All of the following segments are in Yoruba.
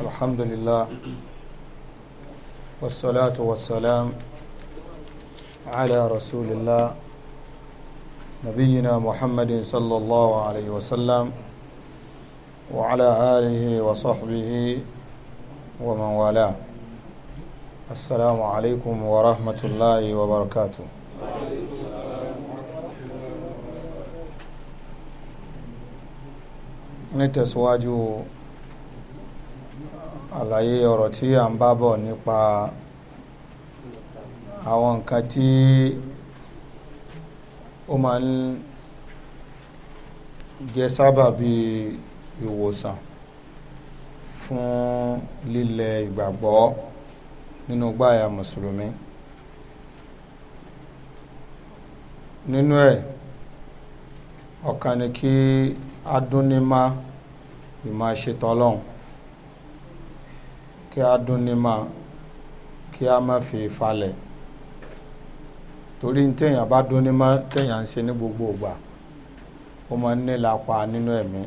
الحمد لله والصلاة والسلام على رسول الله نبينا محمد صلى الله عليه وسلم وعلى آله وصحبه ومن والاه السلام عليكم ورحمة الله وبركاته نتسواجه àlàyé ọ̀rọ̀ tí a ń bá bọ̀ nípa àwọn nǹkan tí ó máa ń jẹ́ sábàbí ìwòsàn fún lílẹ̀ ìgbàgbọ́ nínú gbáyà mùsùlùmí nínú ẹ̀ ọ̀kan ni kí adúnímá ìmáa ṣe tọ́lọ́hùn kí a dún ní ma kí a má fi falẹ̀ torí téèyàn bá dún ní ma téèyàn ń ṣe ní gbogbo ìgbà ó máa ń nílapa nínú ẹ̀mí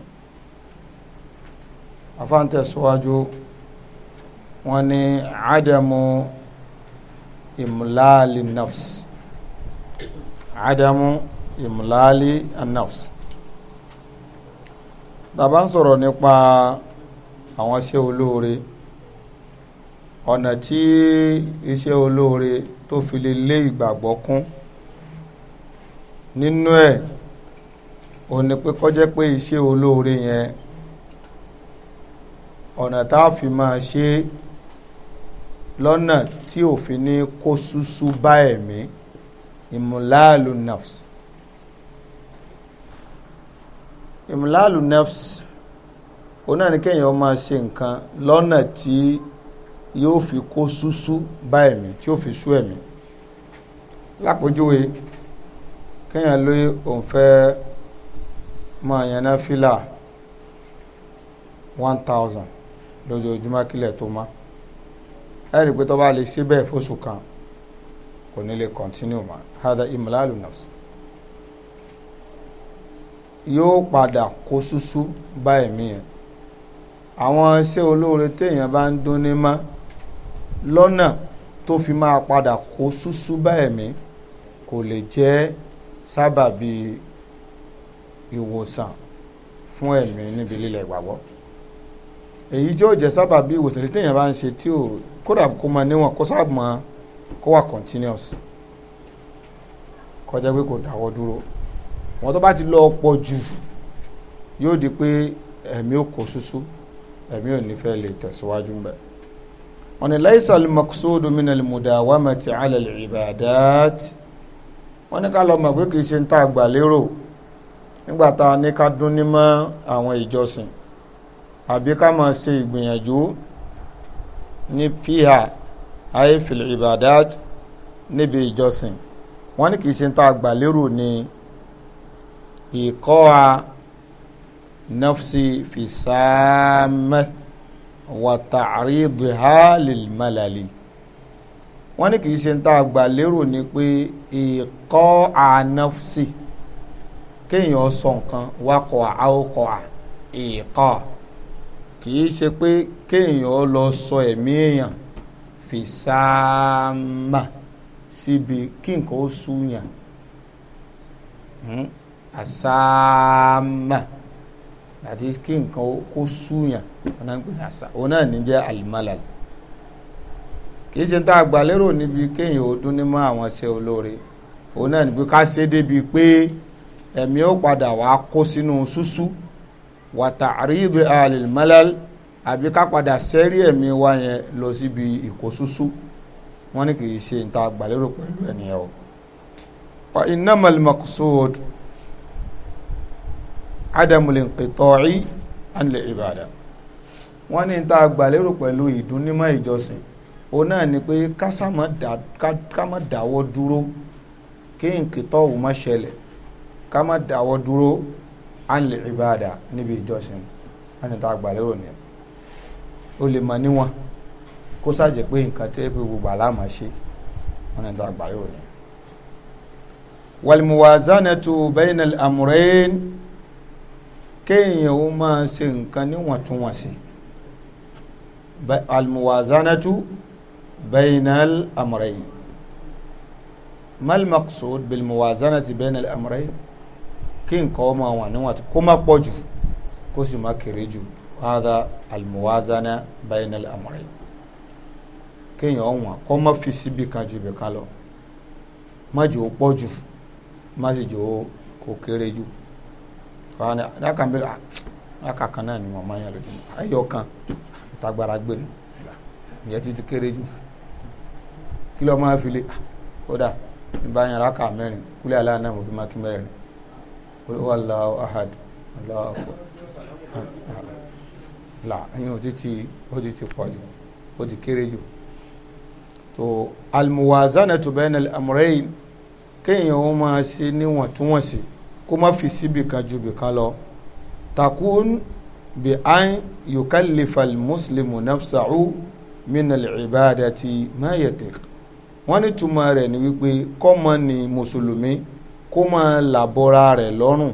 afáǹtẹ̀síwájú wọ́n ní ádámù imlali nafs ádámù imlali nafs bàbá ń sọ̀rọ̀ nípa àwọn ṣé olóore ọ̀nà tí iṣẹ́ olóore tó fi lè lé ìgbàgbọ́ kún nínú ẹ̀ ò ní pé kó jẹ́ pé iṣẹ́ olóore yẹn ọ̀nà tá a fi máa ṣe lọ́nà tí òfin ní kó ṣúṣú bá ẹ̀mí ìmúláàlù nafs ìmúláàlù nafs ó náà ní kéèyàn máa ṣe nǹkan lọ́nà tí yóò fi kó súsú bá ẹ̀mí tí ó fi sú ẹ̀mí lápòjúwe kéèyàn ló òun fẹ́ máa yan náfìlà one thousand lójoojúmọ́ kílẹ̀ tó má ẹ rí i pé tó bá lè ṣe bẹ́ẹ̀ fóṣù kan kò ní lè continue ma, hada imlalu nafs yóò padà kó súsú bá ẹ̀mí yẹn àwọn iṣẹ́ olóore téèyàn bá ń dún ní mọ́ lọ́nà tó fi máa padà kó ṣúṣú bá ẹ̀mí kò lè jẹ́ sábàbí ìwòsàn fún ẹ̀mí níbi lílẹ̀ ìgbàgbọ́ èyí tí ó jẹ́ sábàbí ìwòsàn tí téèyàn bá ń ṣe tí ò kódà kó máa níwọ̀n kó sáàmọ́ kó wà continuous kọjá pé kò dáwọ́ dúró wọn tó bá ti lọ pọ̀ jù yóò di pé ẹ̀mí ò kó ṣúṣú ẹ̀mí ò ní fẹ́ lè tẹ̀síwájú mbẹ́ wọ́n ní laisa al-maqsudu min al-mudawamati ala al-ibadat wọ́n ní ká lọ mọ̀ pé kì í ṣe ń tà àgbà lérò nígbà tá a ní ká dún ní mọ́ àwọn ìjọsìn àbí ká máa ṣe ìgbìyànjú ní fíhà ayé ibadat níbi ìjọsìn wọ́n ní kì í ṣe ń tà àgbà lérò ní ìkọ́ a nafsi fi wa ha lil malali wọ́n ní kì ṣe ń tá a gbà lérò ni pé ìkọ́ ànáfsì kéèyàn sọ nǹkan wakọ̀ àwòkọ̀ ìkọ́ kì ṣe pé kéèyàn lọ sọ ẹ̀mí èèyàn síbi kí nǹkan ó àti kí nǹkan kó súyàn ọ̀nà ń pè ní àṣà òun náà ní jẹ́ alimalal kì í ṣe tá a gbà lérò níbi kéèyàn ó dún ní mọ́ àwọn ṣe olóore òun náà ní pé ká ṣe débi pé ẹ̀mí ó padà wá kó sínú ṣúṣú wàtà àríyìnbí alimalal àbí ká padà sẹ́rí ẹ̀mí wa yẹn lọ síbi ìkó ṣúṣú wọ́n ní kì í ṣe tá a gbà lérò pẹ̀lú ẹ̀nìyàn o. wa innamal maqsud adamul inqita'i anil ibada wọ́n ní tá a gbàlérò pẹ̀lú ìdúnnímọ̀ ìjọsìn o náà ni pé ká má dáwọ́ dúró kí nkìtọ́ ò má ṣẹlẹ̀ ká má dáwọ́ dúró anil ibada níbi ìjọsìn wọ́n ní tá a gbàlérò ni o lè mọ̀ níwọ̀n kó sàjẹ́ pé nǹkan tẹ́ pé gbogbo àlámà ṣe wọ́n ní tá a gbàlérò ni. wal muwazanatu bainal amrayn kéèyàn ó máa ṣe nǹkan níwọ̀ntúnwọ̀nsì almuwazanatu bainal amrayn mal maqsud bil muwazanati bainal amrayn kí nǹkan ó máa wà níwọ̀ntún kó má pọ̀ jù kó sì má kéré jù hada almuwazana bainal amrayn kéèyàn ọ̀wọ̀n kó má fi síbi kan jù bìkan lọ má jò ó pọ̀ jù má sì jò ó kó kéré jù wàá ní adáka ń bẹ̀rẹ̀ adáka náà ni mo máa ń yàn lójúmọ́ ayọ̀ kan ìtagbára gbé nu ìyẹn ti ti kéré jù kí ló máa fi lé kódà nígbà yẹn adáka mẹ́rin kúlẹ̀ aláà náà mo fi máa kí mẹ́rin wallahu ahad Allahu là ẹ̀yin ò ti ti ó ti ti pọ̀ jù ó ti kéré jù tó almuwazanatu bainal kéèyàn ó máa ṣe níwọ̀ntúnwọ̀nsì kó má fi síbi kan ju bìkan lọ takun bi an yukallifa muslimu nafsahu minal ibadati ma yatiq wọ́n ní túmọ̀ rẹ̀ ni wípé kọ́mọ ni mùsùlùmí kó máa làbọ́ra rẹ̀ lọ́rùn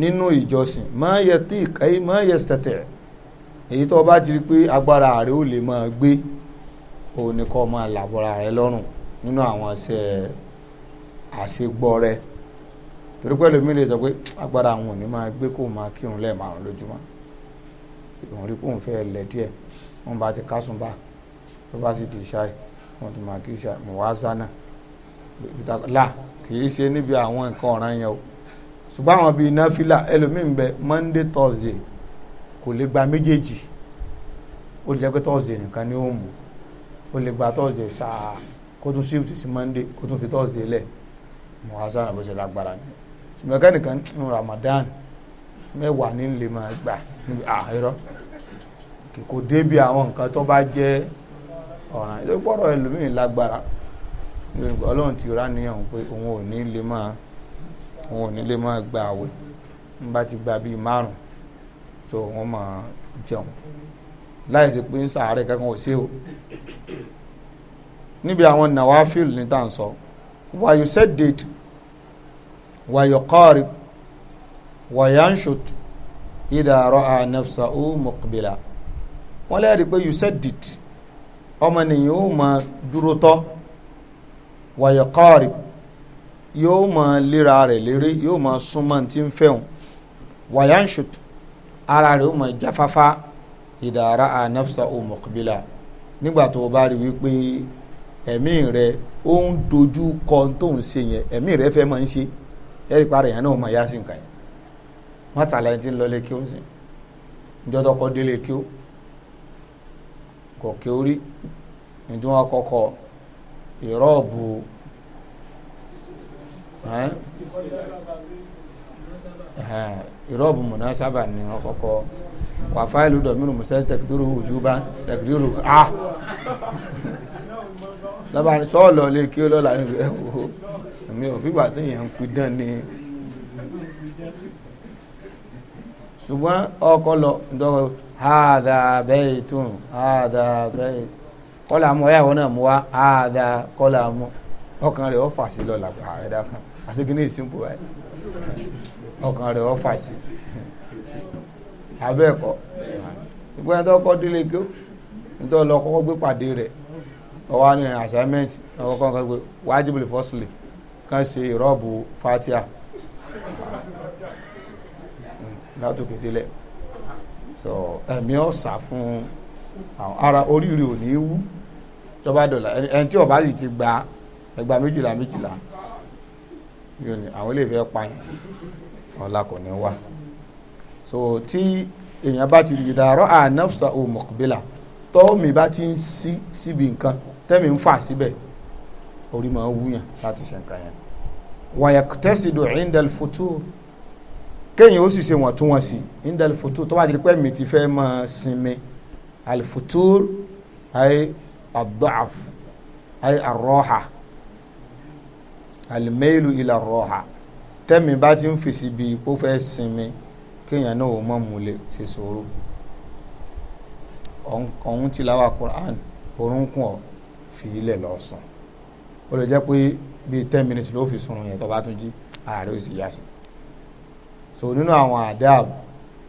nínú ìjọsìn ma yatiq ay ma yastati èyí tó bá ti rí pé agbára rẹ̀ ò lè máa gbé òun ni kó máa làbọ́ra rẹ̀ lọ́rùn nínú àwọn iṣẹ́ àṣegbọ́ rẹ̀ torí pẹ́lú mi lè sọ pé agbára àwọn ò ní máa gbé kó máa kírun lẹ́ẹ̀márùn lójúmọ́ ìwọ̀n rí kóun fẹ́ lẹ̀ díẹ̀ wọ́n bá ti kásùn bá tó bá sì di ṣáì wọ́n ti máa kí ṣáì mọ̀ wá sánà là kì í ṣe níbi àwọn nǹkan ọ̀ràn yẹn o ṣùgbọ́n àwọn bíi náfìlà ẹlòmíín bẹ Monday Thursday kò lè gba méjèèjì ó lè jẹ́ pé Thursday nìkan ni ó mú ó lè gba Thursday ṣáà kó tún shift sí Monday kó tún fi Thursday lẹ̀ mọ̀ wá sánà bó ṣe lágbára nìyẹn ṣùgbọ́n kẹ́nìkan nu Ramadan mẹ́wàá ní lè máa gbà àìrọ́ kò débi àwọn nǹkan tó bá jẹ́ ọ̀ràn ìjọba gbọ́dọ̀ ẹlòmíì lágbára ọlọ́run ti rá níyàn pé òun ò ní lè máa òun ò ní lè máa gba àwẹ̀ ń bá ti gba bíi márùn tó wọ́n máa jẹun láì sí pé ń sàárẹ̀ kankan ò sí o níbi àwọn nawafil ní tà ń sọ wàyù sẹ́dẹ̀dì ويقارب وينشط إذا رأى نفسه مقبلا wọ́n lẹ́yìn pé yusaddid ọmọnìyàn yóò máa dúró tọ́ wàyẹ̀kọ́ọ̀rì yóò máa léra rẹ̀ léré yóò máa súnmọ́ tí ń fẹ̀hùn wàyánṣùt ara rẹ̀ yóò máa jáfáfá ìdàrá ànáfsà òmùkbílà nígbà tó o bá rí wípé ẹ̀mí rẹ̀ ó ń dojú kọ tó ń ṣe yẹn ẹ̀mí rẹ̀ fẹ́ máa ń ṣe é ẹ̀rí parí yẹn náà mọ̀ ya sí nǹkan yẹn mọ́tàlá ẹni tí ń lọ lé kí ó ń sìn níjọ́ tọkọ délé kí ó kò kí ó rí níjọ́ wọn kọ́kọ́ ìrọ́ọ̀bù ìrọ́ọ̀bù ni wọn kọ́kọ́ wà fáìlì dọ̀mínú ah lọ́ba sọ́ọ̀lọ́ lé kí ó lọ́la mi ò fìgbà tí èèyàn ni ṣùgbọ́n ọkọ lọ ǹdọ́kọ àdà ha tún àdà bẹ́ẹ̀ kọ́là mọ́ ẹ̀yàwó náà mú wa àdà kọ́là mọ́ ọkàn rẹ̀ ó fà lọ làgbà ẹ̀dá kan àṣekínní ìsìnkú ẹ̀ ọkàn rẹ̀ ó fà sí abẹ́ẹ̀kọ́ ìgbọ́n délé gbé pàdé rẹ̀ ọwọ́ assignment ọkọ̀ kan gbé wájú kán ṣe ìrọ́bù fatia látòkè délẹ̀ so ẹ̀mí ọ̀sà fún àwọn ara oríire ò ní í wú tọ́ba dọ̀là ẹni tí ọba yìí ti gba ẹgbàá méjìlá méjìlá yóò àwọn ilé ìfẹ́ pààyàn ọ̀la kò ní wá so tí èèyàn bá ti rí ìdàrọ́ ànáfsà òmùkùbílà tọ́ọ̀mì bá ti ń sí síbi nǹkan tẹ́mi ń fà síbẹ̀ orí máa ń wúyàn láti ṣe nǹkan yẹn wàyàkùtẹ́sìdò indal foto kéèyàn ó sì ṣe wọ̀n tún wọn sí indal foto tó bá ti di pé mi ti fẹ́ máa sinmi alifoto ayé ad-da'af ayé arọ́ha alimẹ́lù ilà rọ́ha tẹ́mi bá ti ń fèsì bí kó fẹ́ sinmi kéèyàn náà ò mọ̀ múlẹ̀ ṣe sòrò ọ̀hún ti láwa Qur'an orúnkún ọ̀ fi ilẹ̀ ó lè jẹ́ pé bíi ten minutes ló fi sunrun yẹn tó bá tún jí ààrẹ ó sì yá sí so nínú àwọn àdáàb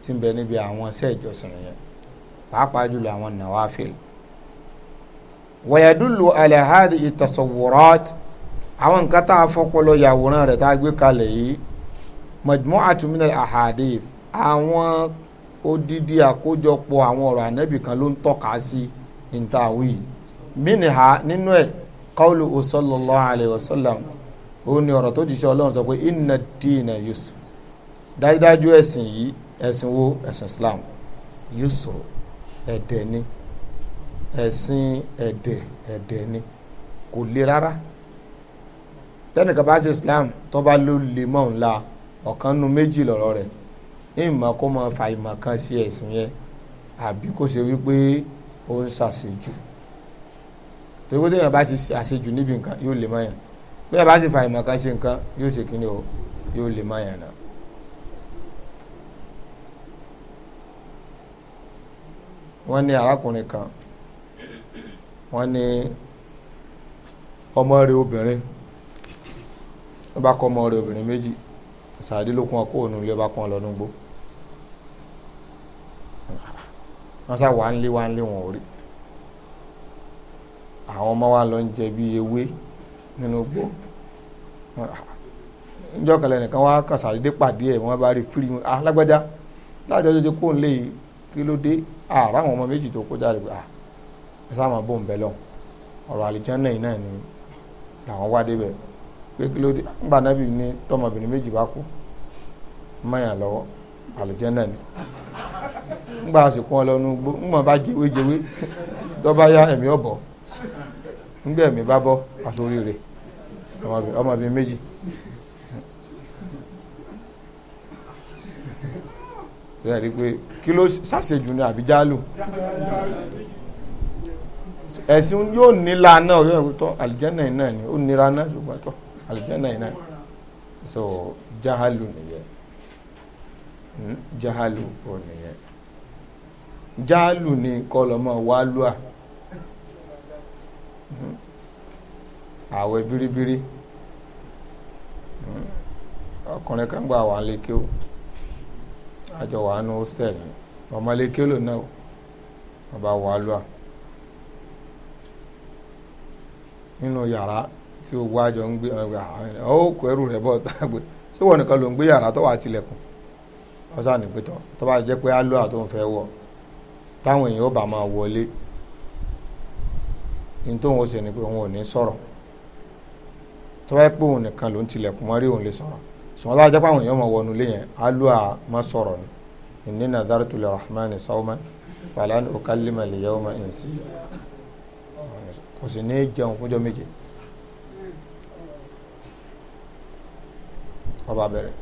tí ń bẹ níbi àwọn iṣẹ́ ìjọsìn yẹn pàápàá jùlọ àwọn nawafil wàyàdúlù alahadi ìtàsọ̀wòrọ́t àwọn nǹkan tá a fọpọlọ yàwòrán rẹ̀ tá a gbé kalẹ̀ yìí majmu'atu min al-ahadith àwọn odidi àkójọpọ̀ àwọn ọ̀rọ̀ ànábì kan ló ń tọ́ka sí ìntàwí mínìhà nínú ẹ̀ qawluhu sallallahu alayhi wa sallam ó ní ọ̀rọ̀ tó jíṣẹ́ ọlọ́run sọ pé inna dina yusuf dájúdájú ẹ̀sìn yìí ẹ̀sìn wo ẹ̀sìn islam yusuf ẹ̀dẹ̀ ni ẹ̀sìn ẹ̀dẹ̀ ẹ̀dẹ̀ ni kò le rárá tẹ́nìkan bá ṣe islam tó bá ló lè mọ̀ ńlá ọ̀kan nu méjì lọ̀rọ̀ rẹ̀ ní ìmọ̀ kó mọ fàìmọ̀ kan sí ẹ̀sìn yẹn àbí kó ṣe wípé ó ń ṣàṣejù torí pé bá ti àṣejù níbi nǹkan yóò lè mọ̀yàn bí ẹ bá ti fa ìmọ̀ kan ṣe nǹkan yóò ṣe kíni o yóò lè mọ̀yàn náà. wọ́n ní arákùnrin kan wọ́n ní ọmọ rẹ̀ obìnrin ló bá kọ́ ọmọ rẹ̀ obìnrin méjì sàdé ló kún ọkọ òun ló bá kún ọ lọ́nùgbò wọ́n sá wà ń lé wà ń lé wọn ò rí. àwọn ọmọ wa lọ ń jẹ bí ewé nínú gbó níjọ́ nìkan wá kàṣàdédé pàdé ẹ̀ wọ́n bá rí fírí mu alágbájá ah, láàjọ kó ń lè kí ló dé ààrá ah, àwọn ọmọ méjì tó kó jáde pé ah máa ń lọ ọ̀rọ̀ náà ni làwọn wá débẹ̀ pé kí méjì bá kú lọ́wọ́ ni nígbà àsìkò ọlọ́nu gbó bá jẹwéjẹwé ńgbẹ̀ mi bá bọ́ àsórí rẹ̀ ọmọbìnrin méjì. sẹ́yìn rí pé kí ló ṣàṣejù ni àbí jálù ẹ̀sìn yóò nílà náà yóò rú tọ́ àlìjẹ́nà iná ni ó nira náà ṣùgbọ́n tọ́ àlìjẹ́nà iná so jahalu nìyẹn hmm, jahalu ò nìyẹn jahalu ni kọlọmọ wàlúà. Mhm. àwẹ̀ bíríbírí mhm. ọkùnrin kan gbà wà lè o àjọ wà nù hostel ọmọ lè lò náà ọba wà lọ́à nínú yàrá tí gbogbo àjọ ń gbé ọ kọ ẹrù rẹ bọ tàgbé ṣé wọn nìkan ló ń gbé yàrá tó wà tilẹ̀kùn ọsàn nípìtọ tó bá jẹ pé á wọ táwọn èèyàn ó bá máa wọlé ní tóun ó ṣe ni pé òun ò ní sọ̀rọ̀ tó bá pé òun nìkan ló ń tilẹ̀kùn mọ́rí òun lè sọ̀rọ̀ ṣùgbọ́n láwọn jápá àwọn èèyàn mọ̀ wọnú ilé yẹn alúà má sọ̀rọ̀ ni inni nadhartu lirrahmani sawman falan ukallima al-yawma insiya kò sì ní jẹun fúnjọ́ méje ọba bẹ̀rẹ̀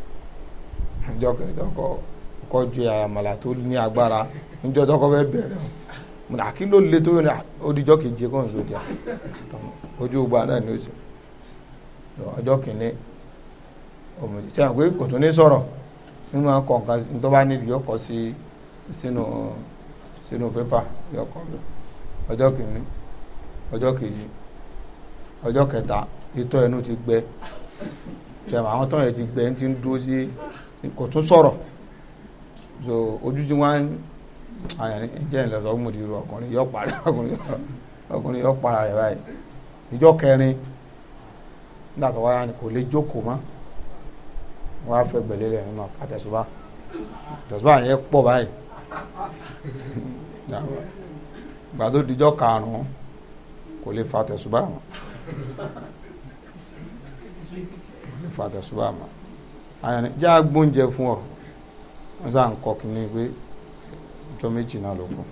ìjọ kẹrìndínlọ́kọ̀ kọjú àyàmàlà tó ní agbára níjọ́ tọ́kọ́ fẹ́ bẹ̀rẹ̀ mo àkí ló le tó odijọ́ kejì kò ń so ojú gba náà ni ó sì ọjọ́ kìíní òmùsí sẹ́yìn pé kò tún ní sọ̀rọ̀ nínú akọ nǹkan tó bá nídìí yóò kọ sí sínú sínú pépà yóò ọjọ́ kìíní ọjọ́ kejì ọjọ́ kẹta itọ́ ẹnu ti gbẹ tẹ̀wọ̀n àwọn ti gbẹ ń ti dúró sí kò tún sọ̀rọ̀ so ojú tí wọ́n á anyanị ìlọsọ mùdírù ọkùnrin yọ para ọkùnrin yọ para rẹ̀ báyìí ìjọ kẹrin nígbà tó wáyà ni kò lè jókòó mọ́ wọ́n á fẹ́ gbẹ̀lẹ́ rẹ̀ nínú àtẹ̀sùbá àtẹ̀sùbá yẹn pọ̀ báyìí ìgbà tó dijọ́ karùn-ún kò fa àtẹ̀sùbá mọ́ fa àtẹ̀sùbá mọ́ jẹ́ fún ọ wọ́n ọjọ́ méjì náà ló kù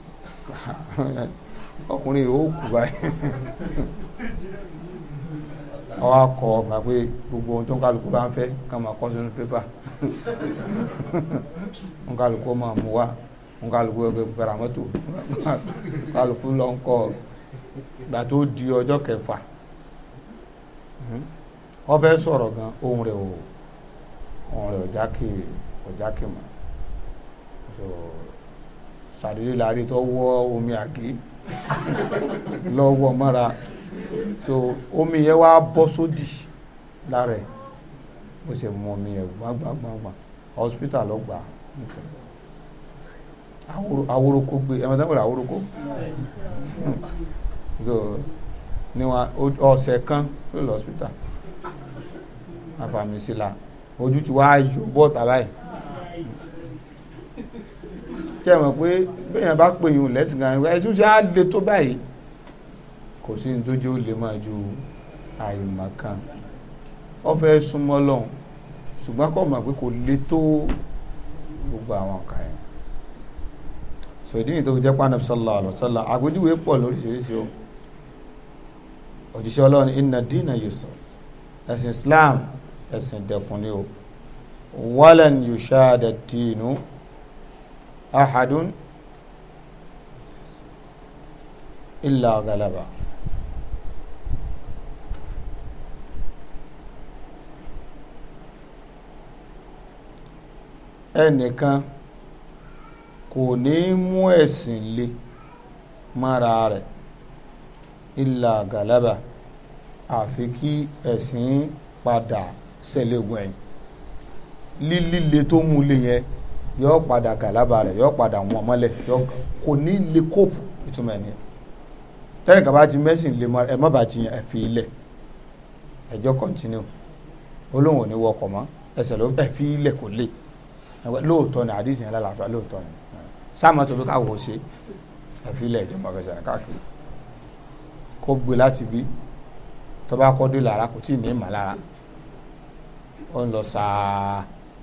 ọkùnrin yìí ó kù báyìí ọwọ́ akọ ọgbà pé gbogbo ohun tó ń kálukú bá ń fẹ́ ká máa kọ sínú pépà ń kálukú máa mú wá ń kálukú ẹgbẹ́ baramọ́tò ń kálukú lọ ń kọ gbà tó di ọjọ́ kẹfà wọ́n fẹ́ sọ̀rọ̀ gan ohun rẹ̀ ò ohun rẹ̀ ò jákè ò jákè mọ́ so sàdédé láàrin tó wọ́ omi àgé lọ́wọ́ mọ́ra so omi yẹn wá bọ́ sódì lára ẹ̀ ó sì mú omi yẹn gbàgbàgbàgbà hospital lọ gbà aworoko gbé ẹ̀mọ́ tó ń pèrè aworoko so ní wọn ọ̀sẹ̀ kan ló lọ hospital afàmìsílà ojú ti wá yọ bọ́ọ̀tà báyìí tẹ́ mọ̀ pé bẹ́yàn bá pè yín lẹ́sìn gan ẹ̀rọ ẹ̀sùn ṣe á le tó báyìí kò sí ní tójú ó lè máa ju àìmọ̀kan ó fẹ́ súnmọ́ lọ́hùn ṣùgbọ́n kò mọ̀ pé kò le tó gbogbo àwọn ọ̀ka yẹn so ìdí nìyí tó fi jẹ́ pé anabi sallallahu alaihi wasallam àgbéjúwe pọ̀ lóríṣiríṣi o òjíṣẹ́ ọlọ́run inna dina yusuf ẹ̀sìn islam ẹ̀sìn dẹ̀kùn ni o walan yushada dinu ahadun illa galaba ẹnìkan kò ní mú ẹ̀sìn le mọ́ra rẹ̀ illa galaba àfi kí ẹ̀sìn padà sẹ́lẹ̀gùn ẹ̀yìn lílíle tó mú lè yẹn yọ padà gàlábà rẹ̀ yọ padà wọn mọ́lẹ̀ kò ní lè kóòpù ìtumọ̀ ẹni tẹ́lẹ̀ kaba ti mẹ́sìn lè mọ́ ẹ má bàa ti yàn ẹ fi ilẹ̀ ẹjọ́ kọ́ntínú olóhùn ò ní wọkọ̀ mọ́ ẹsẹ̀ ló ẹ fi ilẹ̀ kò lè lóòótọ́ ni àdìsí yẹn lálàáfíà lóòótọ́ ni sáàmù tó fi káwọ́ ṣe ẹ fi ilẹ̀ ìdìbò ọ̀fẹ́sẹ̀ rẹ̀ káàkiri kó gbé láti bí tọ́ba kọ́ kò tí ì ní ìmọ̀ ó ń lọ sáà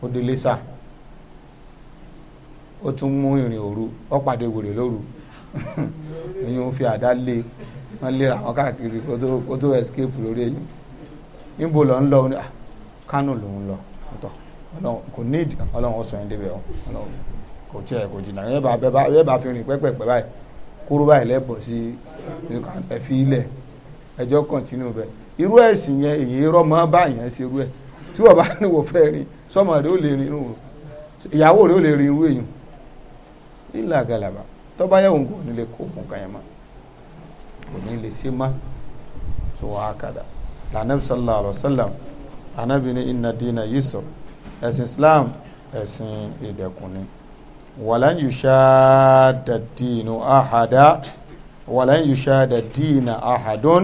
ó délé sáà ó tún mú ìrìn òru ó pàdé wèrè lóru ẹ̀yin ò fi àdá lé wọ́n lé àwọn káàkiri kó escape lórí ẹ̀yìn níbo lọ ń lọ Kánò ló ń lọ tọ́ kò ní ìdí ọlọ́run ọ̀sán yín débẹ̀ kò tiẹ̀ kò jìnnà ẹ bá bá fi rìn pẹ́pẹ́pẹ́ báyìí kúrú báyìí lẹ́bọ̀ sí ẹ̀fí ilẹ̀ ẹjọ́ kọ̀ntínú bẹ́ẹ̀ irú ẹ̀sìn yẹn èyí irú ẹ̀ tí wọ́n bá ní wò rìn ó nílà galaba tó bá yẹ òǹkò nílé kó fún kanyama kò ní lè ṣe má so wàá kàdà lànàbí sallallahu alayhi wa sallam anabi ni inna dina yusuf ẹ̀sìn islam ẹ̀sìn ìdẹ̀kùn ni wàlá yìí ṣáàdà dìínú àhàdá wàlá yìí ṣáàdà dìínà àhàdún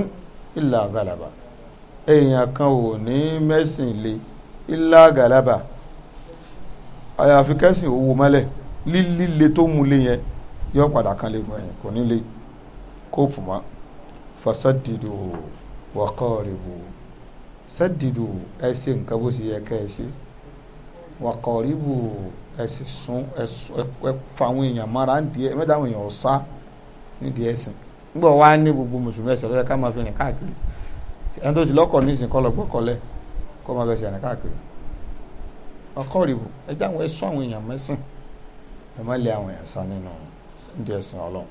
ìlà galaba èèyàn kan ò ní mẹ́sìn lé ìlà galaba àyàfi kẹ́sìn owó mọ́lẹ̀ lílíle tó mú lé yẹn yọ padà kan lè gbọ́n yẹn kò ní lè kó fún wa fasadidu wakọribu sadidu ẹ ṣe nǹkan bó ṣe yẹ ká ẹ ṣe wakọribu ẹ sì sún ẹ fa àwọn èèyàn mara ń díẹ̀ mẹ́ta àwọn èèyàn ọsá nídìí ẹ̀sìn nígbà wá ní gbogbo mùsùlùmí ẹsẹ lọ́jọ́ ká máa fi rìn káàkiri ẹni tó ti lọ́kọ̀ nísìnyí kọ́ lọ gbọ́kọ̀lẹ́ kó máa bẹ̀ ṣe rìn káàkiri wakọribu ẹ jáwọ́ ẹ àwọn èèyàn mẹ́sìn ẹ má lé àwọn èèyàn san nínú ndí ẹ̀sìn ọlọ́run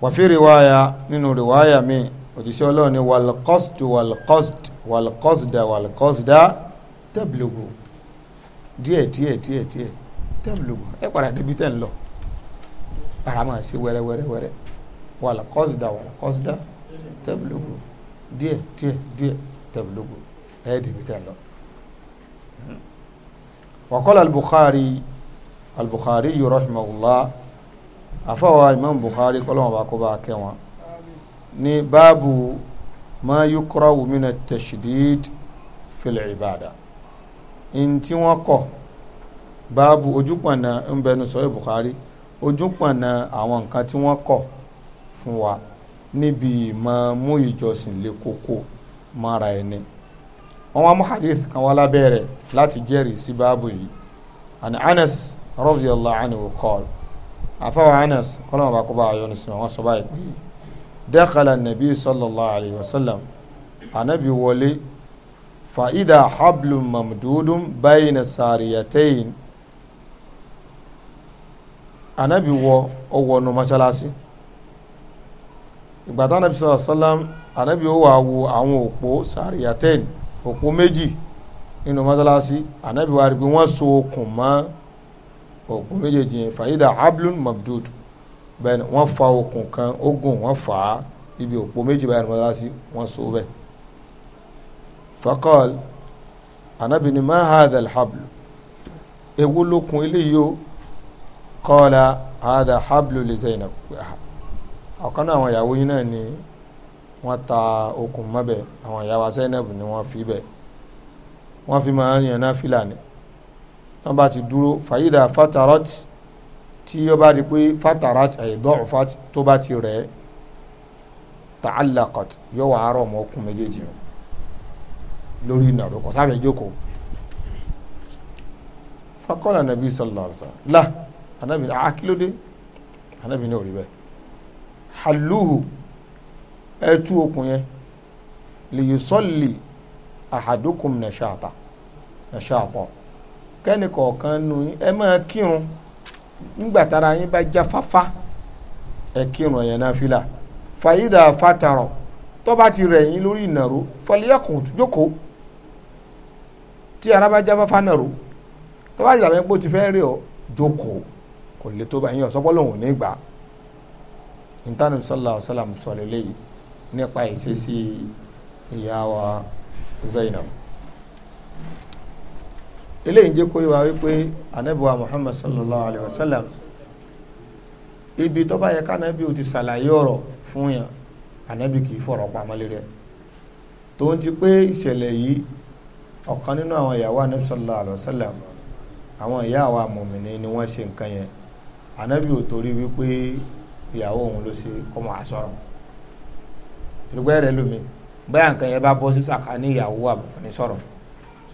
wàfí rìwáyà nínú rìwáyà mi òjíṣẹ́ ọlọ́run ni walqasd walqasd walqasda walqasda tablugu díẹ̀ díẹ̀ díẹ̀ díẹ̀ tablugu ẹ padà débi tẹ́ ń lọ ara máa ṣe wẹ́rẹ́ wẹ́rẹ́ wẹ́rẹ́ walqasda walqasda tablugu díẹ̀ díẹ̀ díẹ̀ tablugu ẹ débi tẹ́ ń lọ. wàkọ́lá al-Bukhari al-Bukhari yìí rahimahullah àfọwà imam Bukhari kọ́lọ́wọ́n bá kó bá kẹ́ wọn ní báàbù ma yukrahu min at-tashdid fil ibada in tí wọ́n kọ̀ báàbù ojúpọ̀nà ń bẹnu sọ́yẹ́ Bukhari ojúpọ̀nà àwọn nǹkan tí wọ́n kọ̀ fún wa níbi ìmọ̀ mú ìjọsìn lé kókó mọ́ra ẹni wọ́n wá mú hadith kan wá lábẹ́ rẹ̀ láti jẹ́rìí sí báàbù yìí and Anas radiyallahu anhu qala àfáwọn anas kọ́lọ́mù bá kó bá ayọ́ ní sinmi wọ́n sọ báyìí pé dakhala nàbí sallallahu alayhi wa sallam ànábì wọlé fa idha hablum mamdudun bayna sariyatayn ànábì wọ ọwọ́ nu mọ́ṣáláṣí ìgbà tí ànábì sallallahu alayhi wa sallam ànábì ó wà wo àwọn òpó sariyatayn òpó méjì nínú mọ́ṣáláṣí ànábì wà rí pé wọ́n so okùn mọ́ okùn méjèèjì yẹn fàyídà hablun mabdud bẹ́ẹ̀ ni wọ́n fa okùn kan ogun wọ́n fà á ibi òpó méjì báyìí wọ́n lásì wọ́n so bẹ́ẹ̀. fakọ́l anabi ni ma hadha alhablu ewu lókun eléyìí o kọ́la hadha hablu li Zainab ọ̀kan náà àwọn ìyàwó yín náà ni wọ́n ta okùn mọ́bẹ̀ àwọn ìyàwó Zainab ni wọ́n fi bẹ̀ wọ́n fi máa ń yànnà fìlà ni tán bá ti dúró fàyídà fatarat tí ó bá di pé fatarat ẹ̀dọ́ọ̀fat tó bá ti rẹ̀ ta'allaqat yóò wà àárọ̀ ọmọ ọkùn méjèèjì lórí ìnàró kò sáfẹ́ jókòó fakọ́lá nàbí sallallahu alaihi wasallam la anabi ní akílódé ah, anabi ní òrìbẹ́ halluhu ẹ tú okùn yẹn lè sọ́ọ̀lì ahadukum nàṣàtà nàṣàtà kẹ́nì kọ̀ọ̀kan nu yín ẹ máa kírun nígbà tára yín bá já fáfá ẹ kírun ẹ̀yẹn náà fìlà fàyídà fàtàrọ̀ tó bá ti rẹ̀ yín lórí ìnàró fọlíyàkùn jókòó tí ara bá já fáfá nàró tó bá jàbẹ́ pé o ti fẹ́ rí ọ jókòó kò lè tó bá yín ọ̀sọ́pọ̀ lòun ní gbà sọlá ọ̀sálàmù sọ̀rọ̀ eléyìí nípa ìṣesí ìyá wa Zainab eléyìí jẹ́ kó yé wa wípé anabiwa muhammad sallallahu alayhi wa sallam ibi tó bá yẹ kánabi ò ti ṣàlàyé ọ̀rọ̀ fún yàn anabi kì í fọ̀rọ̀ pamọ́ lé rẹ̀ tó ń ti pé ìṣẹ̀lẹ̀ yìí ọ̀kan nínú àwọn ìyàwó anabi sallallahu alayhi wa sallam àwọn ìyá àwa mọ̀mìnì ni wọ́n ṣe nǹkan yẹn anabi ò torí wípé ìyàwó òun ló ṣe ọmọ àṣọrọ̀ ìrúgbẹ́ rẹ̀ lómi báyà nǹkan yẹn bá bọ́ sí sàkání ìyàwó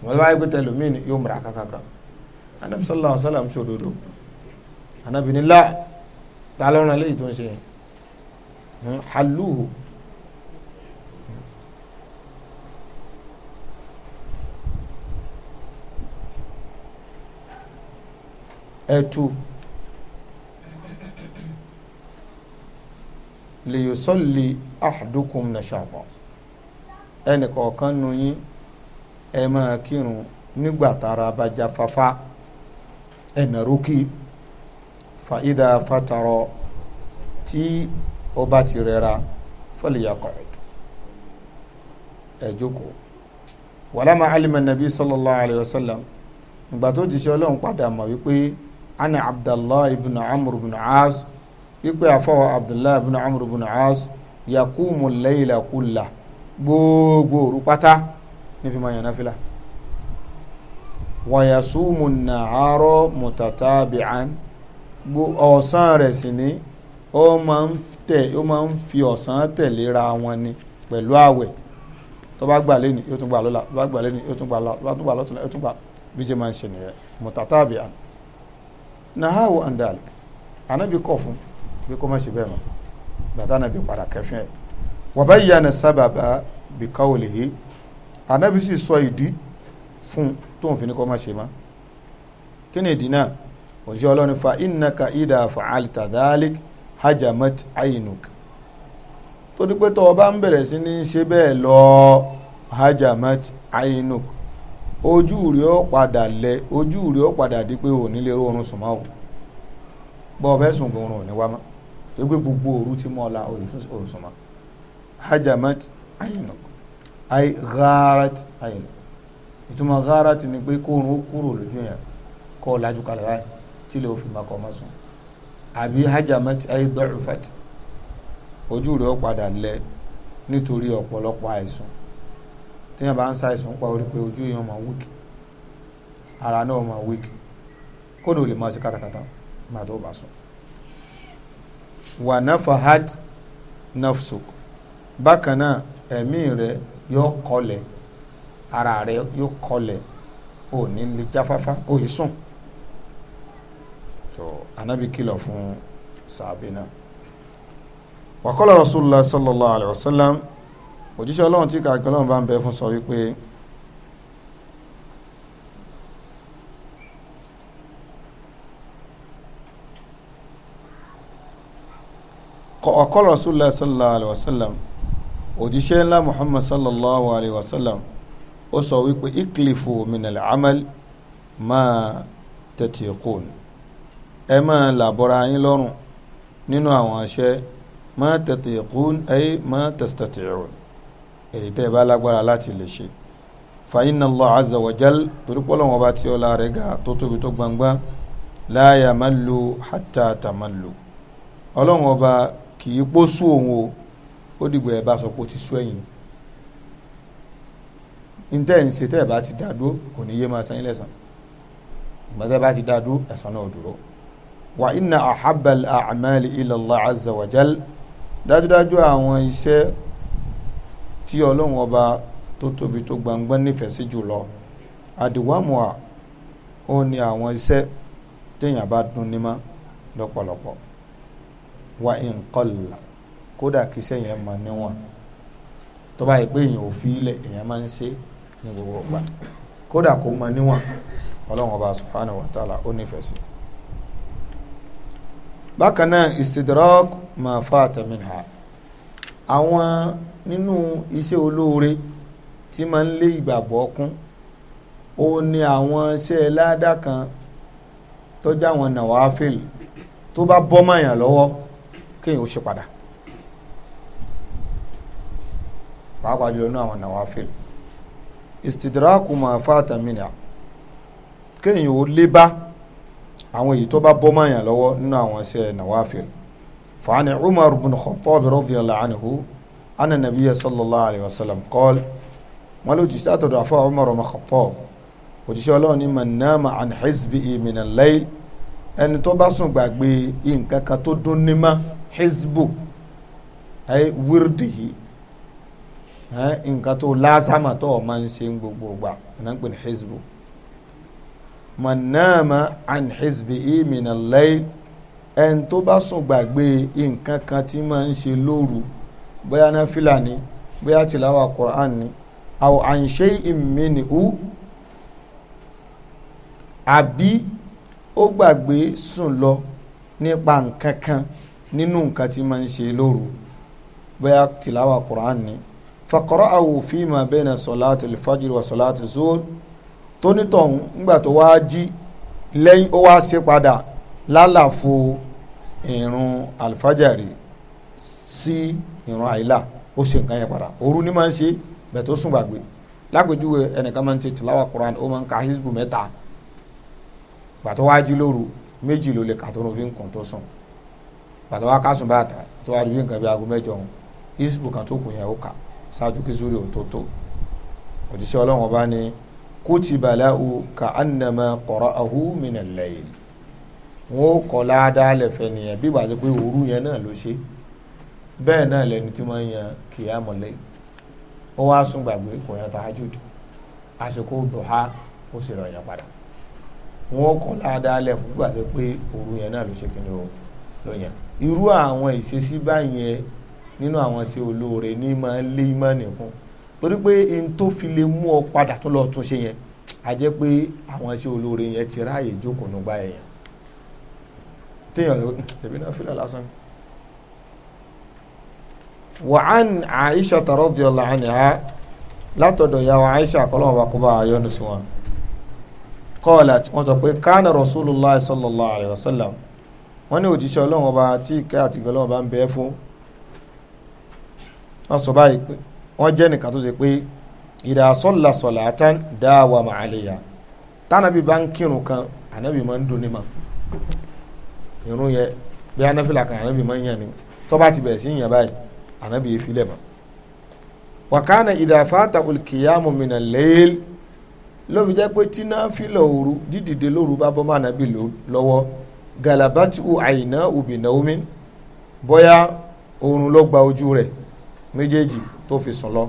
ṣùgbọ́n báyìí pé tẹlomi ni yóò múra kákàkà anabi sallallahu alayhi wa sallam ṣòdodo anabi ni láà ta ló ràn léyìí tó ń ṣe yẹn hmm, hmm. ẹtu lè ahadukum nàṣàtọ̀ ẹnì kọ̀ọ̀kan nù yín ẹ máa kírun nígbà tára bá já fafá ẹ̀nà rókì fàídà fàtàrọ tí ó bá ti rẹra fọlìyàkọ̀ ẹ jókòó wàlámà alima nàbí sallallahu alayhi wa sallam ìgbà tó jíṣẹ́ ọlọ́run padà mọ̀ wípé ana abdallah ibn amr ibn as wípé àfọwọ́ abdallah ibn amr ibn as yakumu layla kulla gbogbo òru nífi máa yàn náfìlà wàyàsúmù nàárọ̀ mùtàtàbíàn ọ̀sán rẹ̀ sì ni ó máa ń tẹ̀ ó máa ń fi ọ̀sán tẹ̀léra wọn ni pẹ̀lú àwẹ̀ tó bá gbà lẹ́ni yóò tún gbà lọ́la tó bá gbà lẹ́ni yóò tún gbà lọ́la tó bá tún gbà lọ́tún yóò tún gbà bí ṣe máa ń ṣe nìyẹn mùtàtàbíàn nàháwò àndàlẹ̀ ànábì kọ̀ fún bí kò má ṣe bẹ́ẹ̀ mọ́ gbàtà ànábì padà kẹfìn ẹ̀ wàbá yíyá ni sábàbà bìkọ́ òlè yìí ànábì sì sọ ìdí fún tóun fi ní kọ́ má ṣe má kí ni ìdí náà òṣìṣẹ́ ọlọ́run fa innaka idha fa'alta dhalik hajamat aynuk tó dípé tó o bá ń bẹ̀rẹ̀ sí ní ṣe bẹ́ẹ̀ lọ hajamat aynuk ojú rẹ̀ ó padà lẹ ojú ó padà di pé oorun sùn máa bọ́ ọ fẹ́ sùn gan oorun ò ní wá mọ́ tó gbogbo òru tí mọ́ ọ la ay gharat ay ituma gharat ni pe ko run kuro loju yan ko laju kala wa ti le o fi ma ko ma sun abi hajamat ay dhufat oju re o pada nle nitori opolopo aisun ti yan ba n sa aisun pa ori pe oju yan ma weak ara na o ma weak ko do le ma katakata ma to ba sun wa nafahat nafsuk bákan náà ẹ̀mí rẹ̀ yóò kọlẹ̀ ara rẹ yóò kọlẹ̀ ò ní lè jáfáfá ò yìí sùn so anabi kìlọ̀ fún sàbí náà wàkọ́lá rasulullah sallallahu alayhi wa sallam òjíṣẹ́ ọlọ́run tí kàkẹ́ ọlọ́run bá ń bẹ fún sọ wípé wàkọ́lá rasulullah sallallahu alayhi wa sallam òjíṣẹ́ ńlá muhammad sallallahu alayhi wa sallam ó sọ wípé iklifu minal amal máa tatiqun ẹ máa làbọ̀ra yín lọ́rùn nínú àwọn iṣẹ́ máa tatiqun ay máa tastati'un èyí tẹ́ ẹ bá lágbára láti lè ṣe fa inna Allah azza wa jal torí pọ́lọ́wọ́n bá tí ọlá rẹ̀ ga tó tóbi tó gbangba la yamallu hatta tamallu ọlọ́wọ́n ọba kì í pósú òun o ó dìgbò ẹ bá sọ pé ó ti sú ẹ̀yin ntẹ́ ń ṣe tẹ́ ẹ bá ti dá dúró kò ní yé máa san yín lẹ́san ìgbà tẹ́ ẹ bá ti dá dúró ẹ̀san náà dúró. wà inna ahabbal a'mali ila Allah dájúdájú àwọn iṣẹ́ tí ọlọ́run ọba tó tóbi tó gbangba nífẹ̀ẹ́ sí jùlọ àdìwámùà ó ní àwọn iṣẹ́ téèyàn bá dún ní mọ́ lọ́pọ̀lọpọ̀ wà in qalla kódà kí iṣẹ́ yẹn mọ̀ níwọ̀n tó bá yẹ pé èèyàn ò fi ilẹ̀ èèyàn máa ń ṣe ní gbogbo ọgbà kódà kó mọ̀ níwọ̀n ọlọ́run ọba subhanahu wa ta'ala ó nífẹ̀ẹ́ sí. bákan náà istidrak ma fata minha àwọn nínú iṣẹ́ olóore tí máa ń lé ìgbàgbọ́ kún ó ní àwọn iṣẹ́ ládàá kan tó àwọn nàwáfíìl tó bá bọ́ mọ̀yàn lọ́wọ́ kéèyàn ó ṣe padà. pàápàá jùlọ ní àwọn nawafil istidraku ma fata mina kéèyàn ó lé bá àwọn èyí tó bá bọ́ mọ́ yàn lọ́wọ́ nínú àwọn iṣẹ́ nawafil fàánì umar bin khattab radiyallahu anhu anna nabiyya sallallahu alayhi wa sallam qol wọn ló jìṣẹ́ àtọ̀dọ̀ àfọ umar bin khattab òjíṣẹ́ ọlọ́run ní man nama an hizbihi minal layl ẹni tó bá sùn gbàgbé nǹkan kan tó dún ní mọ́ hizbu ay wirdihi nǹkan tó lásàmà tó máa ń ṣe gbogbo gbà ọ̀nà ń pè ní hizbu manama an hizbi imina lẹ́yìn ẹn tó bá sùn gbàgbé nǹkan kan tí máa ń ṣe lóru bóyá náà fìlàní bóyá tìláwà Qur'an ni aw an shay'in minhu àbí ó gbàgbé sùn lọ nípa nǹkan kan nínú nǹkan tí máa ń ṣe lóru bóyá tìláwà Qur'an ni faqara'ahu fima bayna salati al-fajr wa salati tónítọ̀hún ńgbà tó wá jí lẹ́yìn ó wá padà lálàfo ìrun alfajari sí ìrun àìlà ó ṣe nǹkan yẹn padà òru ni máa ń ṣe bẹ̀ tó sùn gbàgbé lápèjúwe ẹnìkan máa ń ṣe tìláwà Quran ó máa ń ka hisbu mẹ́ta gbàtọ́ wá jí lóru méjì ló lè kà tó fi tó sùn wá kásùn tó wá rí nǹkan bí aago mẹ́jọ ṣáájú kí zuri òun tó tó òjíṣẹ́ ọlọ́run ọba ni kutiba lahu ka annama qara'ahu min al-layl wọn ó kọ́ ládàá lẹ́fẹ̀ nìyẹn bí ìgbà tó pé òru yẹn náà ló ṣe bẹ́ẹ̀ náà lẹni tí wọ́n yan qiyamul layl ó wá sùn gbàgbé kò yan tahajjud àsìkò duha ó sì rọ̀ yẹn padà wọn ó kọ́ ládàá lẹ́fẹ̀ nígbà tó pé òru yẹn náà ló ṣe kí ni ó ló yàn irú àwọn ìṣesí báyẹn nínú àwọn ṣe olóore ní máa ń lé ìmọ̀ọ́nì fún torí pé n tó fi lè mú ọ padà tó lọ tún ṣe yẹn a jẹ́ pé àwọn ṣe olóore yẹn ti ráàyè jókòó nígbà yẹn téèyàn ẹbí hmm, náà fílẹ̀ lásán. wàhán Aisha radhiyallahu anha látọ̀dọ̀ ya wa Aisha kọ́lọ́mù bá kó bá a yọ́nu sí wọn. qalat wọ́n sọ pé kánà rasulullah sallallahu alayhi wa sallam wọ́n ní òjíṣẹ́ ọlọ́run ọba tí ìkẹ́ àti ìgbẹ́ ọlọ́run ń bẹ fún wọ́n sọ báyìí pé wọ́n jẹ́ nìkan tó ṣe pé ìdá sọ́là sọ̀là àtàn dáwà màálẹ́yà tánàbí bá ń kírun kan ànábì máa ń dùn ní ma irun yẹ bí anáfìlà kan ànábì máa ń yàn ni tó bá ti bẹ̀rẹ̀ sí yàn báyìí ànábì yẹ filẹ̀ mọ́. wàkánà ìdá fàtà olùkìyàmù mìíràn lẹ́yìn ló jẹ́ pé tí náfìlà òru dídìde lóru bá bọ́ mọ́ lọ́wọ́ galabatu àyìnà òbí náà omi bọ́yá oorun ló ojú rẹ̀ méjèèjì tó fi sùn lọ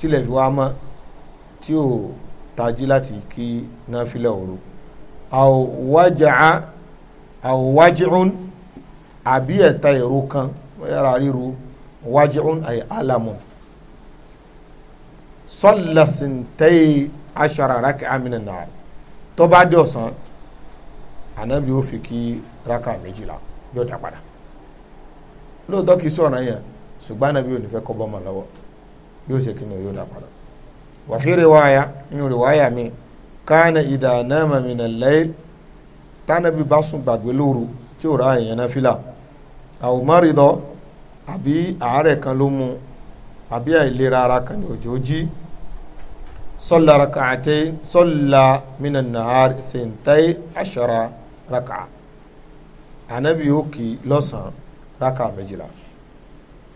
tilẹ̀ fi wá mọ́ tí ò tají láti kí náfìlà òru àwòwájà àwòwájìún àbí ẹ̀ta èrò kan yàrá ríru wájìún àyè alamu sọlẹsìntẹ́yì aṣara rákà amínà náà tó bá dé ọ̀sán ànábi ó fi kí rákà méjìlá yóò dá padà lóòótọ́ kìí sọ̀rọ̀ yẹn ṣùgbọ́n anabi ò ní fẹ́ kọ́ bọ́mọ lọ́wọ́ yóò ṣe kí ni yóò dà padà wa fi riwaya nínú riwaya mi kana idha nama minal layl tánabi bá sùn gbàgbé lóru tí ò ra èèyàn náà fìlà aw marido àbí àárẹ̀ kan ló mu àbí àìlera ara kan ní òjò jí salla rak'atayn salla minan nahar thintay ashara raka'a ànábì ó kì í lọ́sàn méjìlá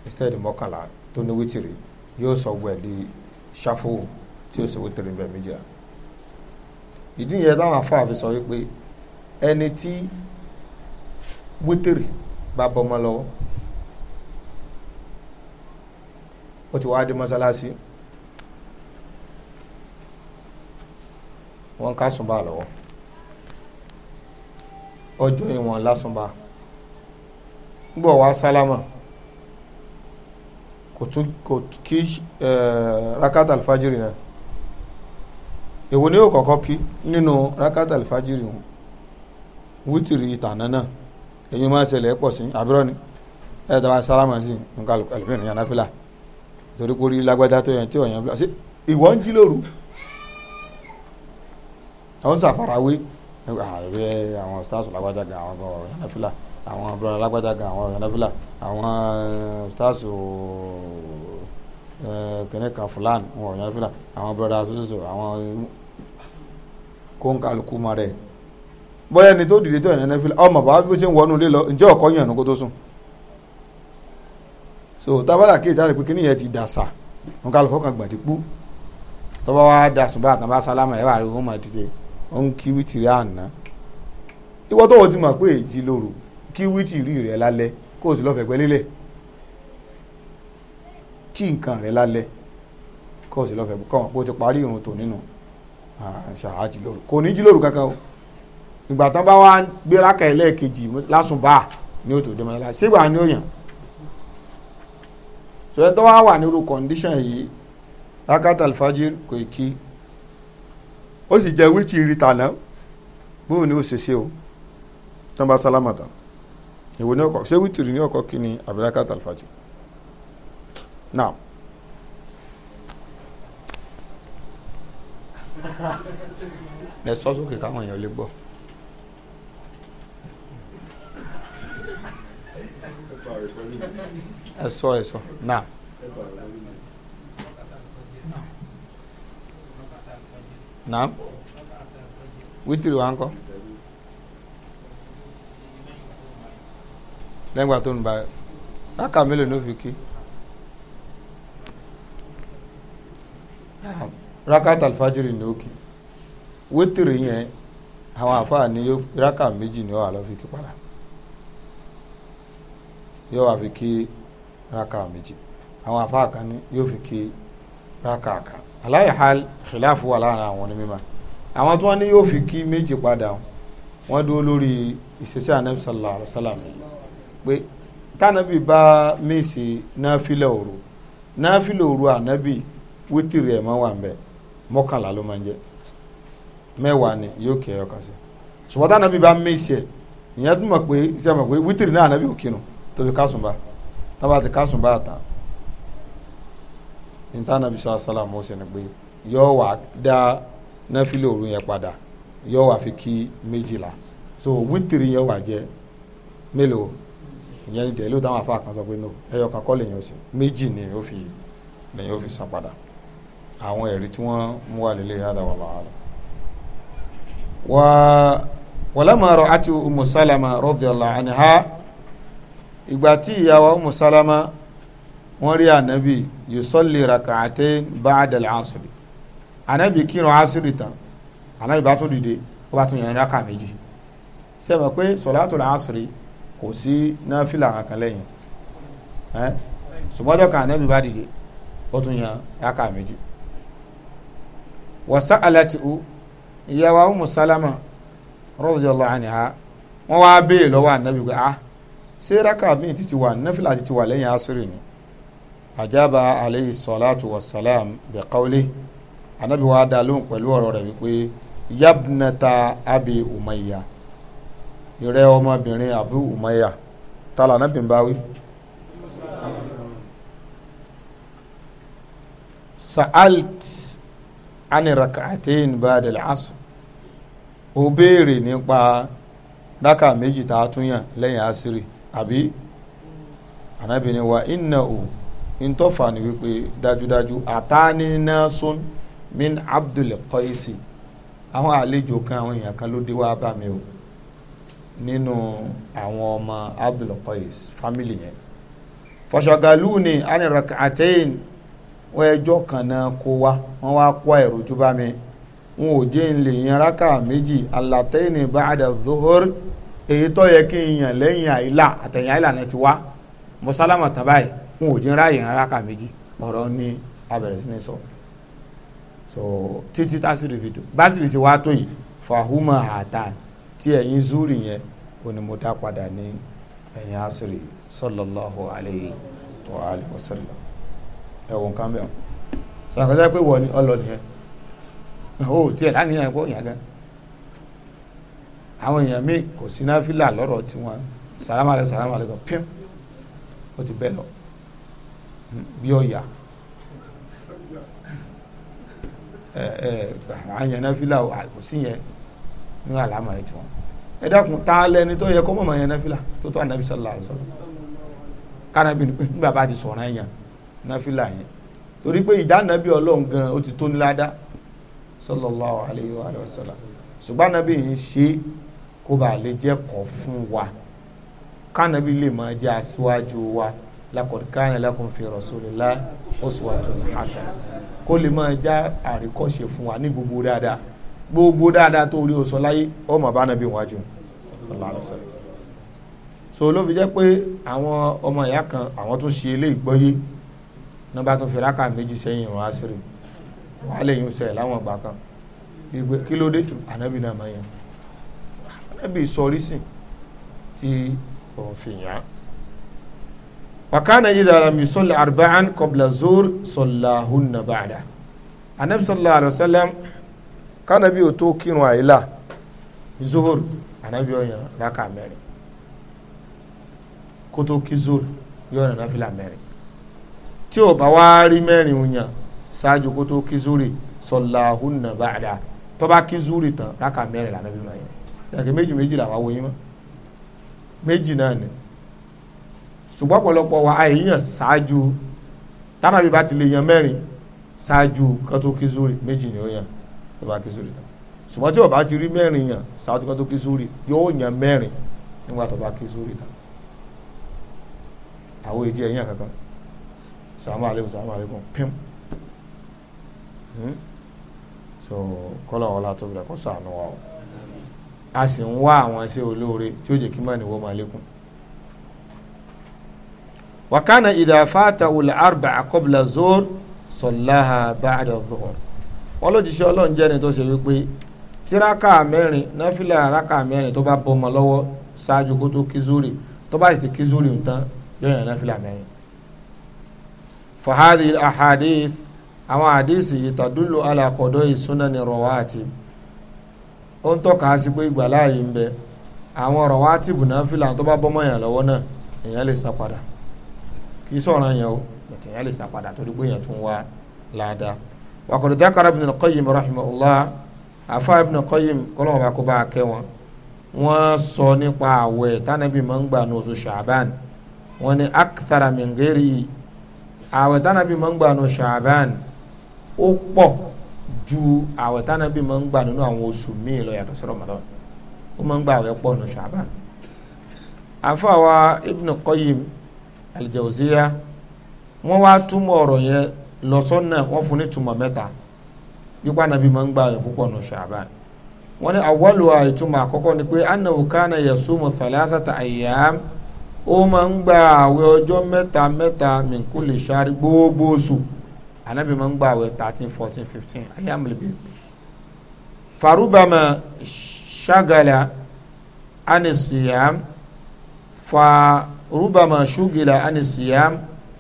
instead mọ́kànlá tó ní wítìrì yóò sọ gbẹ di ṣáfù tí ó sọ wítìrì bẹ́ẹ̀ méjì à ìdí yẹn táwọn afáà fi sọ wípé ẹni tí wítìrì bá bọ́ ọmọ lọ́wọ́ ó ti wá dé mọ́sálásí wọ́n ká súnbà lọ́wọ́ ọjọ́ ìwọ̀n lásùnbà ń wá sálámà kò kí rákàtà alfajiri na, èwo ni yóò kọ́kọ́ kí nínú rákàtà alfajiri wọn wítìrì ìtànà na, èyí máa ṣẹlẹ̀ pọ̀ sí àbúrò ni ẹ̀ tàbá sálámà sí nǹkan àlùfẹ́ nìyànjú náfìlà torí kò rí lágbájá tó yẹn tí ọ̀yàn bí ṣe ìwọ ń jí lóru àwọn sàfarawé àwọn stars lágbájá gan àwọn ọ̀rọ̀ yàrá fìlà àwọn abúlé alágbádá gan àwọn ọ̀rẹ́ náfìlà àwọn eh, stars eh, kìnìún kan fúlàn wọn ọ̀rẹ́ náfìlà àwọn brọdá sososo àwọn kóńkàlùkù mọ rẹ bóyá ẹni tó dìde tó ẹ̀yàn náfìlà ọmọ bàbá bí ó ṣe ń wọnú ilé lọ ǹjẹ́ ọ̀kọ́ yàn ní tó sùn so tábàlà kí ìjáde pé kí ti dàsà kóńkàlùkù kan gbàdìpú tọ́ba wa dàsùn bá àkànbá sálámà ẹ̀ wà rí wọn ìwọ tó wọ́n ti mọ̀ pé èjì lóru kí wítìrí rẹ̀ lálẹ́ kó o sì lọ́ọ́ fẹ̀gbẹ́ lélẹ̀ kí nǹkan rẹ̀ lálẹ́ kó o sì lọ́ọ́ fẹ̀gbẹ́ kọ́mọ̀ kó o ti parí irun tò nínú ṣàájì lóru kò ní jí lóru kankan o ìgbà tán bá wá gbéra kẹ̀ lẹ́ẹ̀kejì lásùnbà ní òtò dèmọ́lá ṣégbà ni ó yàn sọ̀rọ̀ tó wá wà nírú kọ̀ǹdíṣàn yìí rákàtà alfajir kò kí ó sì jẹ́ wítìrí tàná bóun ni ó ṣe ṣe o tí wọ́n ìwò ní ọkọ ṣé wítìrì ní ọkọ kí ni abiraka talfajì now ẹ sọ sókè káwọn èèyàn lè gbọ́. ẹ sọ ẹ sọ now. now wítìrì wa ń kọ́. lẹ́gbàá tó ń ba rákà mélòó ló fi kí ah, rákàtà alfajiri ni ó kí wétìrì yẹn àwọn àfáà ni rákà méjì ni ó wà lọ fi kí padà yóò wá fi kí rákà méjì àwọn àfáà kan ni yóò fi kí rákà kan aláì hal khilafu wà láàrin àwọn onímọ̀ àwọn tí wọ́n ní yóò fi kí méjì padà wọ́n dúró lórí ìṣesí anabi sallallahu yìí pé tánàbì bá mèsì náfìlà òru náfìlà òru ànábì wítìrì ẹ̀ máa wà ń bẹ̀ mọ́kànlá ló máa ń jẹ́ mẹ́wàá ni yóò kí ẹyọ kan sí ṣùgbọ́n tánàbì bá mèsì ẹ̀ ìyẹn tún mọ̀ pé ṣe mọ̀ pé wítìrì náà ànábì ò kírun tó fi kásùn bá tábà ti kásùn bá tán ìtànàbì sọ àṣàlámù ó sì ní pé yóò wà dá náfìlà òru yẹn padà yóò wà fi kí méjìlá so wítìrì yẹn wà jẹ mélòó ìyẹn ní dẹ̀lú táwọn afa kan sọ pé no ẹyọ kan kọ́ lèyìn òsì méjì ni ó fi lèyìn ó fi san padà àwọn ẹ̀rí tí wọ́n mú wà lélẹ̀ yàtọ̀ wà máa lọ. wà wàlámà rọ àti umu salama radiyallahu anha ìgbà tí ìyàwó umu salama wọ́n rí ànábì yusalli rak'atayn ba'da al-asr ànábì kírun asiri tán ànábì bá tún dìde ó bá tún yàn rákà méjì sẹ́mi pé sọ̀látù al-asri kò sí náfìlà kankan lẹ́yìn ẹ́ sùmọ́jọ́ kan ànábì bá dìde ó tún yan rákà méjì wọ́n sá aláti u ìyá wa umu salama radiyallahu anha wọ́n wá béèrè lọ́wọ́ ànábì pé ah ṣé rákà míì ti wà náfìlà ti wà lẹ́yìn asúrì ni àjábà aleyhi salatu wa salam bi qawli ànábì wa dá lóhùn pẹ̀lú ọ̀rọ̀ rẹ̀ wípé yabnata abi umayya ìrẹ́ ọmọbìnrin Abu Umayya tala nábì ń bá wí. sa'alt ani rak'atain ba'da al-asr ó béèrè nípa dákà méjì tá a tún yàn lẹ́yìn asiri àbí anábìnrin wa inna o ntọ́fà ni wípé dájúdájú àtàní nasun min Abdul Qaisi àwọn àlejò kan àwọn èèyàn kan ló dé wá bá mi o nínú àwọn ọmọ Abdul Qais family yẹn fọṣọgàlù ni aniraka àtẹyìn wọn ẹjọ́ kan náà kó wa wọn wá kó àìrójú bá mi wọn ò jẹ́ ń lè yan rákà méjì alatẹ́yìn ba'da zuhur èyí tó yẹ kí n yàn lẹ́yìn àìlà àtẹ̀yìn àìlà náà ti wá mọ́sálámà tán báyìí wọn ò jẹ́ ń yan rákà méjì ọ̀rọ̀ ni abẹ̀rẹ̀ sí ni sọ so títí tásìrì fìtò básìrì sì wá tó yìí fàhùmà àtàn tí ẹ̀yìn zúrì yẹn ó ní mo dá padà ní ẹ̀yìn asiri sallallahu alayhi wa alihi wa sallam ẹ̀wọ̀n kan bẹ́ẹ̀ sọ̀rọ̀ pé wọ́n ni ọlọ́ni yẹn ó tiẹ̀ láníyàn pọ̀ yàn gan àwọn èèyàn míì kò sí náfìlà lọ́rọ̀ tiwọn sàlámà alẹ́ sàlámà alẹ́ kan pim ó ti bẹ́ẹ̀ lọ bí ọ̀yà ẹ̀ ẹ̀ àyànnáfìlà kò sí yẹn nínú àlámọ̀rí tí wọn ẹ dákun tá a lẹni tó yẹ kó mọ̀mọ́ yẹn náfìlà tó tó ànábì sọlá àlùsọlá kánábì ní pé ní bàbá ti sọ̀rọ̀ yẹn náfìlà yẹn torí pé ìdánábì ọlọ́run gan ó ti tó ní ládá sallallahu alayhi wa sallam ṣùgbọ́n ànábì yìí ṣe kó bá lè jẹ́ kọ́ fún wa kánábì lè máa jẹ́ aṣíwájú wa laqad kana lakum fi rasulillahi gbogbo dáadáa tó rí o sọ láyé ọmọ bá nàbí wájú so ló fi jẹ́ pé àwọn ọmọ ìyá kan àwọn tó ṣe ilé ìgbọ́yé náà bá tún fi rákà méjì sẹ́yìn ìrun àṣírí wàá lè yún sẹ́yìn láwọn ìgbà kan ìgbé kí ló dé tù ànábì náà máa yan ànábì sọrí sìn tí òun fi yàn án. wàkánà yìí dára mi sọ́lá arba'an kọ́bla zor sọ́lá hunna ba'da ànábì sallallahu alaihi wasallam kánábì ò tó kírun àìlà zuhur ànábì ọ̀yàn rákà mẹ́rin kó tó kí zuhur yọ̀ọ̀nà náfìlà mẹ́rin tí ò bá wá rí mẹ́rin òyàn ṣáájú kó tó kí zuhur sọláhùnà báàdà tó bá kí zuhur tán rákà mẹ́rin lànàbì ọ̀yàn yàtọ̀ méjì méjì làwọn awo yín mọ́ méjì náà ni ṣùgbọ́n ọ̀pọ̀lọpọ̀ wa àìyàn ṣáájú tánàbí bá ti lè yan mẹ́rin ṣáájú kó tó kí zuhur méjì ni ó yàn tó bá kí sórí tán ṣùgbọ́n tí o bá ti rí mẹ́rin yàn ṣáájú kan tó kí sórí yóò yàn mẹ́rin nígbà tó bá kí sórí tán àwọn èdè ẹ̀yìn kankan sàmú àlékún sàmú àlékún pim hmm? so kọ́lọ̀ ọ̀la tó bẹ̀rẹ̀ kó sànù wa o a sì ń wá àwọn iṣẹ́ olóore tí ó jẹ́ kí mọ́ni wọ́n máa lékún. wakana ìdàfà tàwùlẹ̀ arba qabla zuhr sallaha ba'da zuhr wọn lójíṣẹ́ ọlọ́run jẹ́ni tó ṣe wípé tíraka mẹ́rin náfìlà raka mẹ́rin tó bá bọ́mọ lọ́wọ́ ṣáájú kó tó kí zuri tó bá sì ti kí zuri nǹkan yóò yàn náfìlà mẹ́rin. fahadi ahadith àwọn àdìsí tàdúlù alàkọ̀dọ̀ ìsúná ni rọ̀wáàtì ó ń tọ́ka sí pé ìgbàláàyè ń bẹ àwọn rọ̀wáàtì bùnáfìlà tó bá bọ́mọ yàn lọ́wọ́ náà èèyàn lè sá padà kì í sọ̀ràn yẹn o èèyàn lè sá padà torí pé èèyàn tún wá ládàá wakọ̀dọ̀ dákàrà ibn al-qayyim rahimahullah afa ibn al-qayyim kọ́lọ́wọ́n bá kó bá a kẹ́ wọn wọ́n sọ nípa àwẹ̀ tánàbí máa ń gbà ní oṣù ṣàbán wọ́n ní akitara mingeri àwẹ̀ tánàbí máa ń gbà ní oṣù ṣàbán ju àwẹ̀ tánàbí máa ń gbà nínú àwọn oṣù míì lọ yàtọ̀ sí Ramadan ó máa ń gbà àwẹ̀ pọ̀ ní oṣù ṣàbán àfàwà ibn al-qayyim al-jawziya wọ́n lọ́sọ́nà wọ́n fún ní túmọ̀ mẹ́ta yípa nàbí máa ń gba ààwẹ̀ púpọ̀ nù ṣàbán wọ́n ní àwọ̀lù àìtúmọ̀ àkọ́kọ́ ni pé annahu kana yasumu thalathata ayyam ó máa ń gba ààwẹ̀ ọjọ́ mẹ́ta mẹ́ta min kulli shahri gbogbo oṣù anabi máa ń gba ààwẹ̀ thirteen fourteen fifteen ayyam libi farubama shagala anisiyam farubama shugila anisiyam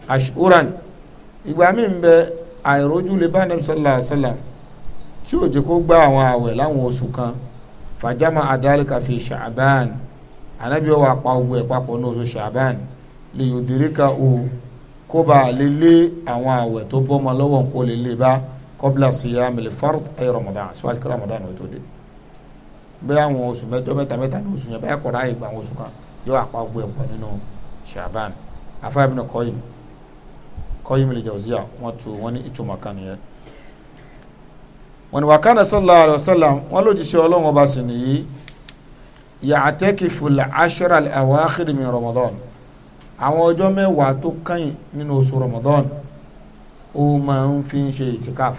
ashuran ìgbà míì ń bẹ àìrójú lè bá anabi sallallahu alayhi wa sallam tí ó jẹ́ kó gba àwọn àwẹ̀ láwọn oṣù kan fàjámà adálíkà fi ṣàbán anabi ọwọ́ apá ogun ẹ̀ papọ̀ ní oṣù ṣàbán lè yòdìríkà o kó bá a lè lé àwọn àwẹ̀ tó bọ́mọ lọ́wọ́ kó lè lè bá kọ́bílà síyáàmì lè fard ẹ̀ ramadan síwájú kí ramadan ò tó dé bẹ́ẹ̀ àwọn oṣù mẹ́jọ mẹ́ta mẹ́ta ní oṣù yẹn bẹ́ẹ̀ kọ́ra àyè gba àwọn oṣù kan yóò apá ogun ẹ̀ pọ̀ nínú ṣàbán afáyàmì náà kọ́ yìí Qayyim al-Jawziyya wọ́n tu wọ́n ní ìtumọ̀ kan nìyẹn wọ́n ní wàkánà sallallahu alayhi wa sallam wọ́n lójúṣe ọlọ́run ọba sì nìyí ya'takifu al-ashra al-awakhir min Ramadan àwọn ọjọ́ mẹ́wàá tó kẹ́yìn nínú oṣù Ramadan ó máa ń fi ń ṣe ìtìkáf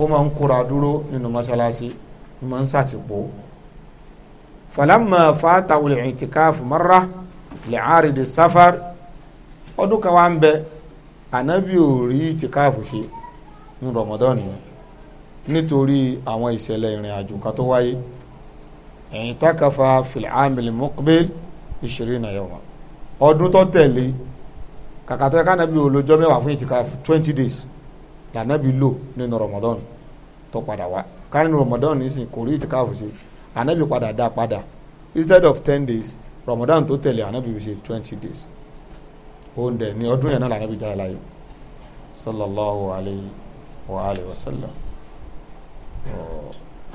ó máa ń kóra dúró nínú mọ́ṣáláṣí ó máa ń ṣàtìpó falamma fatahu al-i'tikaf marra lẹ́hàrìdì sáfàr ọdún kan wá ń bẹ ànábì ò rí tìkáàfù ṣe ní Ramadan yẹn nítorí àwọn ìṣẹ̀lẹ̀ ìrìn àjò kan tó wáyé ẹ̀yìn takafa filamili mokbel ìṣirina yawma ọdún tó tẹ̀lé kàkàtà kànábì olójọ́ mẹ́wàá fún ìtìkáàfù twenty days lànàbì lò nínú Ramadan tó padà wá kánínú Ramadan nísìnyí kò rí ìtìkáàfù ṣe ànábì padà dá padà instead of ten days Ramadan tó tẹ̀lé ànábì fi ṣe twenty days òun dẹ̀ ní ọdún yẹn náà lànábì jáde láyé sallallahu alayhi wa alayhi wa sallam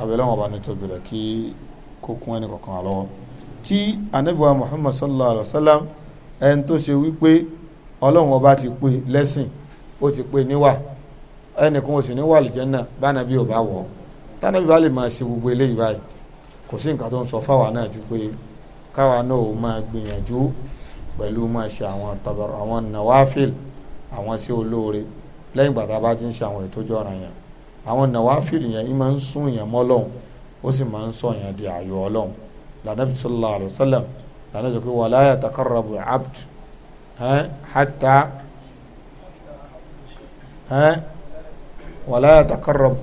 abẹ́lẹ́ wọn bá ní tóbi rẹ̀ kí kókún ẹni kọ̀ọ̀kan wà lọ́wọ́ tí ànábì wa Muhammad sallallahu alayhi wa sallam ẹni tó ṣe wípé ọlọ́run ọba ti pè lẹ́sìn ó ti pè níwà ẹnìkan ó sì ní wà lìjẹ́nà bánabi ò bá wọ̀ ọ́ tánabi bá lè máa ṣe gbogbo eléyìí báyìí kò sí nǹkan tó ń sọ fáwa náà ju pé káwa náà ó máa gbìyànjú pẹ̀lú máa ṣe àwọn tọ̀bọ̀rọ̀ àwọn nàwáfíl àwọn sí olóore lẹ́yìn ìgbà tá a bá ti ń ṣe àwọn ètò ìjọra yẹn àwọn nàwáfíl yẹn ìmọ̀ ń sún yẹn mọ́ lọ́hùn ó sì máa ń sọ yẹn di àyò ọlọ́hùn lànàbí sallallahu alayhi wa sallam lànà jẹ́ pé wala yataqarrabu abd hatta wala yataqarrabu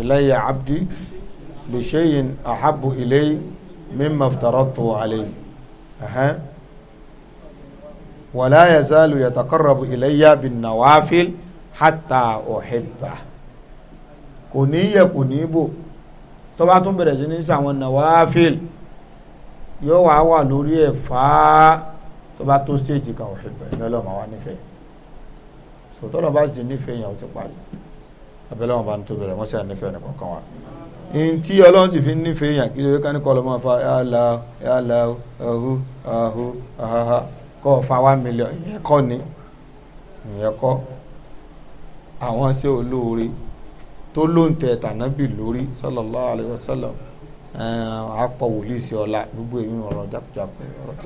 ilayya abdi bi shay'in ahabbu ilayya. مما aftaratu عليه، أها، ولا يزال يتقرب ilayya بالنوافل حتى hatta uhibba كنيبو. ní yẹ kò والنوافل. bò tó bá tún bẹ̀rẹ̀ sí ní sàwọn nawafil yóò wá wà lórí ẹ̀ fàá tó bá tó stéèjì kan uhibba ní ọlọ́mọ wa nífẹ̀ẹ́ sọ̀tọ́ lọ́ba sì nífẹ̀ẹ́ yẹn ó ti parí abẹ́lẹ́wọ̀n bá ń tó bẹ̀rẹ̀ wọ́n sì nífẹ̀ẹ́ nìkan kan wà. in tí ọlọ́run sì fi nífẹ̀ẹ́ èèyàn kí lóye kání kọlọ́ fa yàlá kọ́ fa one million ìyẹn kọ́ ni ìyẹn kọ́ àwọn ṣe olóore tó lóǹtẹ̀ tànábì lórí sallallahu alaihi wasallam apọ̀ wòlíì sí ọ̀la gbogbo èmi ọ̀rọ̀ jákujáku ọ̀rọ̀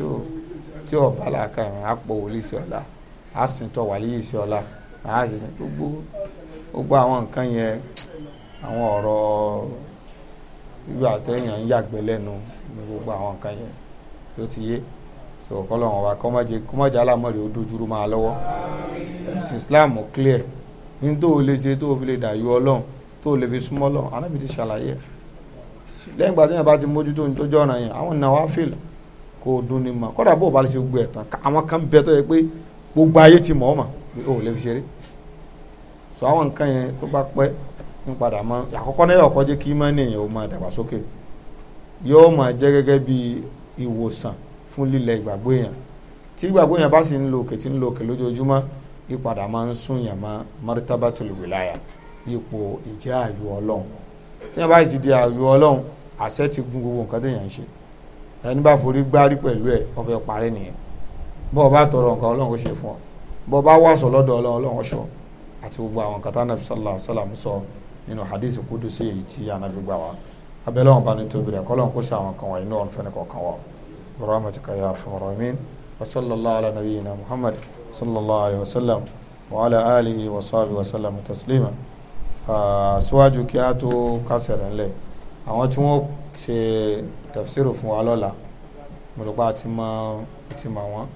tí ò bá làákà rẹ̀ apọ̀ wòlíì sí ọ̀la sí ọ̀la gbogbo gbogbo àwọn nǹkan yẹn àwọn ọ̀rọ̀. gbígbà àtẹ̀yàn ń yàgbẹ́ lẹ́nu ní gbogbo àwọn nǹkan yẹn tó ti yé so kọ́lọ́run wa kọ́mọ́jẹ kọ́mọ́jẹ alámọ̀rẹ́ ó dojúrú máa lọ́wọ́ ẹ̀sìn Islam clear ní tó o lè ṣe tó o fi lè dàyú ọlọ́run tó o lè fi súnmọ́ ọlọ́run anábì ti ṣàlàyé lẹ́yìn ìgbà téèyàn bá ti mójútó ní tójú ọ̀ràn yẹn àwọn nawafil kò dùn ní mọ̀ kọ́dà bó o bá lè ṣe gbogbo ẹ̀ tán àwọn kan bẹ tó yẹ pé gbogbo ayé ti mọ̀ ọ́ mà o lè fi ṣeré so àwọn nǹkan yẹn tó bá pẹ́ ń padà mọ́ àkọ́kọ́ náà ọkọ jẹ́ kí mọ́nì yẹn ó máa dàgbàsókè yóò máa jẹ́ gẹ́gẹ́ bí ìwòsàn fún lílẹ̀ ìgbàgbọ́ èèyàn tí ìgbàgbọ́ èèyàn bá sì ń lo òkè tí ń lo òkè lójoojúmọ́ ìpadà máa ń sún yàn mọ́ martabatul wilaya ipò ìjẹ́ àyò ọlọ́run tí wọ́n bá ti di àyò ọlọ́run àṣẹ ti gun gbogbo nǹkan téèyàn ń ṣe ẹni bá forí gbárí pẹ̀lú ẹ̀ ó fẹ́ parí nìyẹn bọ́ọ̀ bá tọrọ nǹkan ọlọ́run ó ṣe fún ọ bọ́ọ̀ bá wàṣọ lọ́dọ̀ ọlọ́run ọṣọ àti gbogbo àwọn nǹkan tánàbí sallallahu alaihi wasallam sọ nínú hadith kudusi èyí tí anabi gbà wá abẹ́lẹ́ wọn bá ní tóbi rẹ̀ kọ́lọ́n kó sí àwọn kan wá inú ọ̀run fẹ́ni kọ̀ọ̀kan wá rahmatika ya arhamar rahimin wa sallallahu ala nabiyyina muhammad sallallahu alayhi wa sallam wa ala alihi wa sahbihi wa sallam taslima síwájú kí a tó kásẹ̀ ńlẹ̀ àwọn tí wọ́n ṣe tafsiru fún wa lọ́la mo rò pé a ti mọ wọn.